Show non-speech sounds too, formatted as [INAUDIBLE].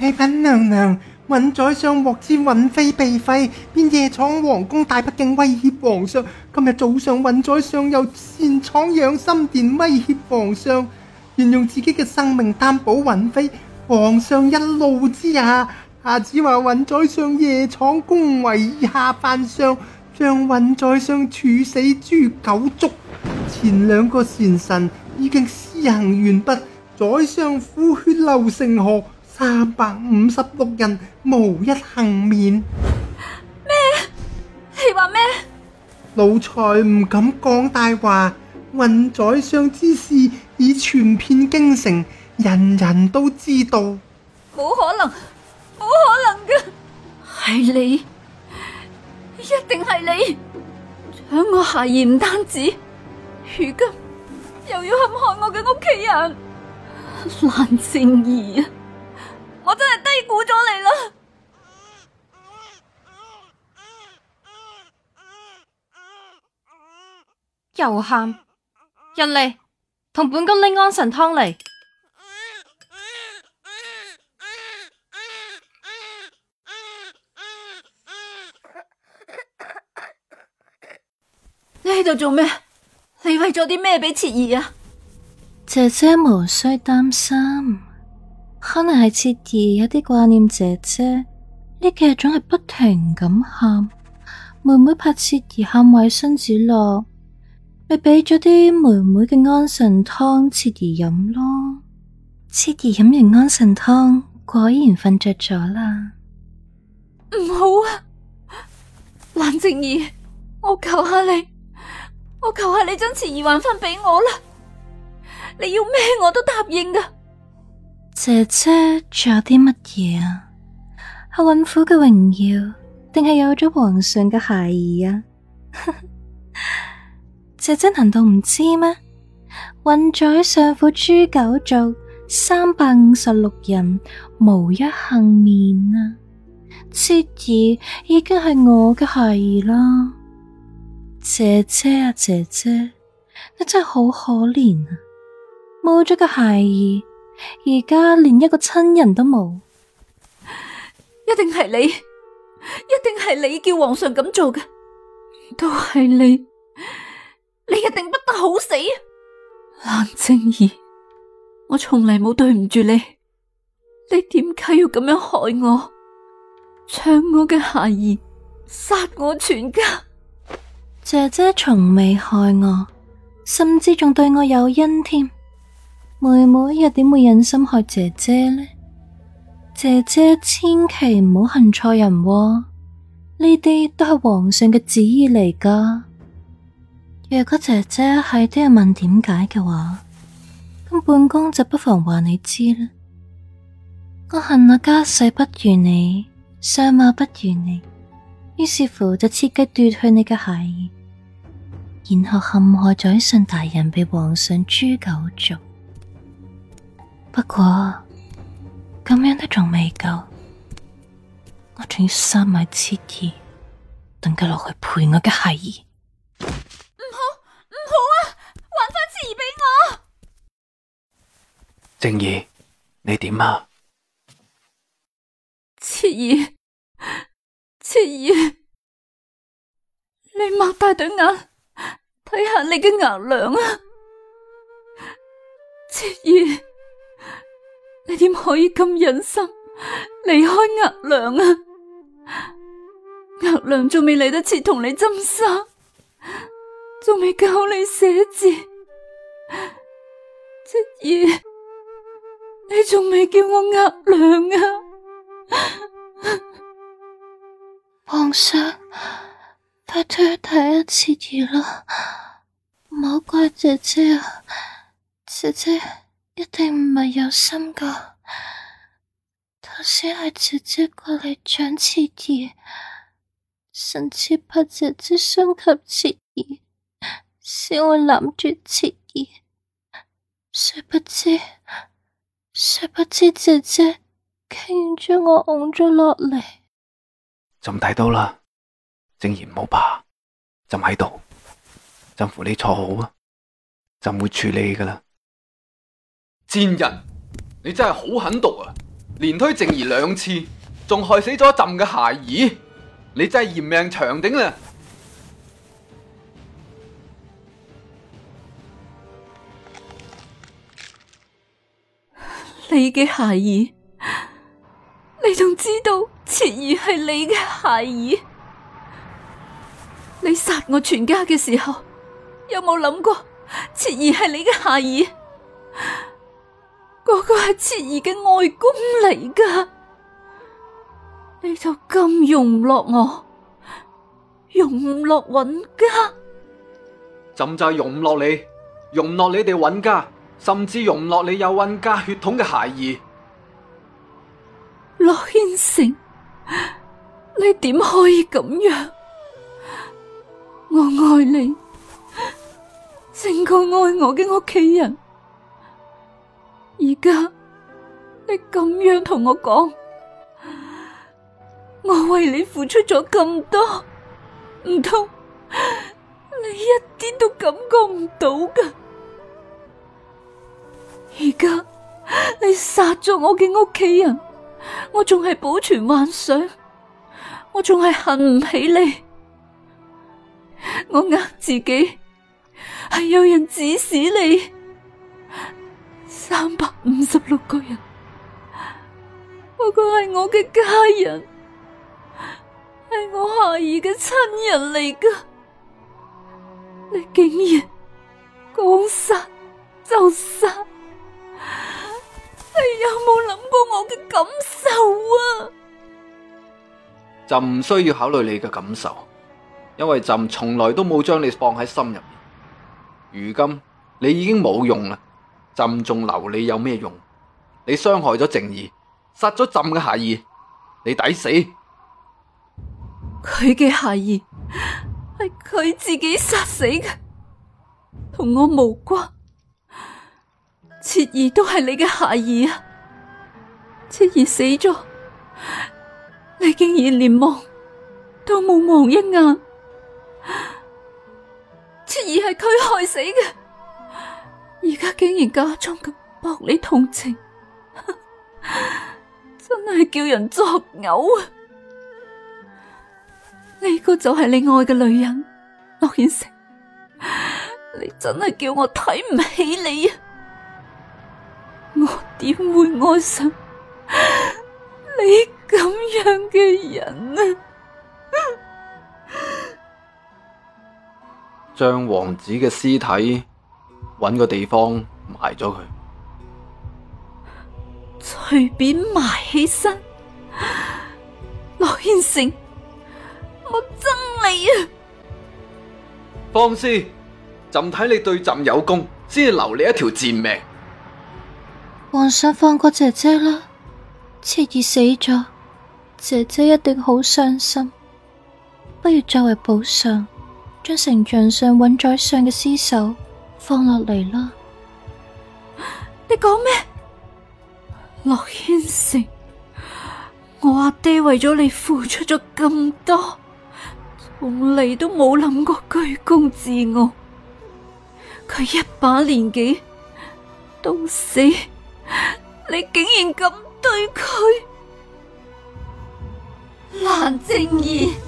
啟稟、hey，娘娘，尹宰相獲知尹妃被廢，便夜闖皇宮，大不敬威脅皇上。今日早上，尹宰相又擅闖養心殿威脅皇上，願用自己嘅生命擔保尹妃。皇上一怒之下，下旨話尹宰相夜闖宮闈，以下犯上，將尹宰相處死誅九族。前兩個禪臣已經施行完畢，宰相府血流成河。三百五十六人無一幸免。咩？你話咩？奴才唔敢講大話。運宰相之事已傳遍京城，人人都知道。冇可能，冇可能嘅。係你，一定係你。搶我孩兒唔單止，如今又要陷害我嘅屋企人。蘭靜怡啊！我真係低估咗你啦！又喊人嚟，同本宮拎安神湯嚟。 [COUGHS] 你喺度做咩？你為咗啲咩俾切兒啊？姐姐無需擔心。可能係切兒有啲掛念姐姐，呢幾日總係不停咁喊。妹妹怕切兒喊壞身子落，咪畀咗啲妹妹嘅安神湯切兒飲咯。切兒飲完安神湯，果然瞓着咗啦。唔好啊，蘭靜兒，我求下你，我求下你將切兒還返畀我啦。你要咩我都答應噶。姐姐仲有啲乜嘢啊？係允府嘅榮耀，定係有咗皇上嘅孩兒啊？ [LAUGHS] 姐姐難道唔知咩？允宰相府誅九族三百五十六人無一幸免啊！次兒已經係我嘅孩兒啦。姐姐啊，姐姐，你真係好可憐啊！冇咗個孩兒。而家連一個親人都冇，一定係你，一定係你叫皇上咁做嘅，都係你，你一定不得好死啊！蘭靜兒，我從嚟冇對唔住你，你點解要咁樣害我，搶我嘅孩兒，殺我全家？姐姐從未害我，甚至仲對我有恩添。妹妹又點會忍心害姐姐呢？姐姐千祈唔好恨錯人。哦，呢啲都係皇上嘅旨意嚟噶。若果姐姐係都要問點解嘅話，咁本宮就不妨話你知啦。我恨我家世不如你，相貌不如你，於是乎就設計奪去你嘅孩兒，然後陷害宰相大人被皇上誅九族。不過咁樣都仲未夠，我仲要殺埋徹兒，等佢落去陪我嘅孩兒。唔好，唔好啊！還翻徹兒俾我。靜兒，你點啊？徹兒，徹兒，你擘大對眼睇下你嘅額娘啊！徹兒。點可以咁忍心離開額娘啊？額娘仲未嚟得切同你針衫，仲未教你寫字，侄兒，你仲未叫我額娘啊？皇 [LAUGHS] 上，快去睇一次兒。兒啦！唔好怪姐姐啊，姐姐。一定唔係有心噶，頭先係姐姐過嚟搶徹兒，甚至怕姐姐傷及徹兒，先會攔住徹兒，誰不知，誰不知姐姐竟然將我拱咗落嚟。朕睇到啦，靜然唔好怕，朕喺度，朕扶你坐好啊，朕會處理噶啦。賤人，你真係好狠毒啊！連推靜兒兩次，仲害死咗朕嘅孩兒，你真係嫌命長頂啦！你嘅孩兒，你仲知道切兒係你嘅孩兒？你殺我全家嘅時候，有冇諗過切兒係你嘅孩兒？嗰個係切兒嘅外公嚟噶，你就咁容唔落我，容唔落尹家？朕就係容唔落你，容唔落你哋尹家，甚至容唔落你有尹家血統嘅孩兒。洛軒成，你點可以咁樣？我愛你，勝過愛我嘅屋企人。而家你咁樣同我講，我為你付出咗咁多，唔通你一啲都感覺唔到噶？而家你殺咗我嘅屋企人，我仲係保存幻想，我仲係恨唔起你，我呃自己係有人指使你。三百五十六個人，那個個係我嘅家人，係我孩兒嘅親人嚟噶，你竟然講殺就殺，你有冇諗過我嘅感受啊？朕唔需要考慮你嘅感受，因為朕從來都冇將你放喺心入面，如今你已經冇用啦。朕仲留你有咩用？你傷害咗靜兒，殺咗朕嘅孩兒，你抵死！佢嘅孩兒係佢自己殺死嘅，同我無關。徹兒都係你嘅孩兒啊！徹兒死咗，你竟然連望都冇望一眼。徹兒係佢害死嘅。而家竟然假裝咁博你同情，真係叫人作嘔啊！呢、這個就係你愛嘅女人，駱延成，你真係叫我睇唔起你啊！我點會愛上你咁樣嘅人啊？將王子嘅屍體。搵個地方埋咗佢，隨便埋起身。駱憲成，我憎你啊！放肆！朕睇你對朕有功，先至留你一條賤命。皇上放過姐姐啦！徹兒死咗，姐姐一定好傷心。不如作為補償，將城牆上尹宰相嘅屍首。放落嚟啦！你講咩？洛軒成，我阿爹為咗你付出咗咁多，從嚟都冇諗過居功自傲。佢一把年紀到死，你竟然咁對佢，蘭靜兒。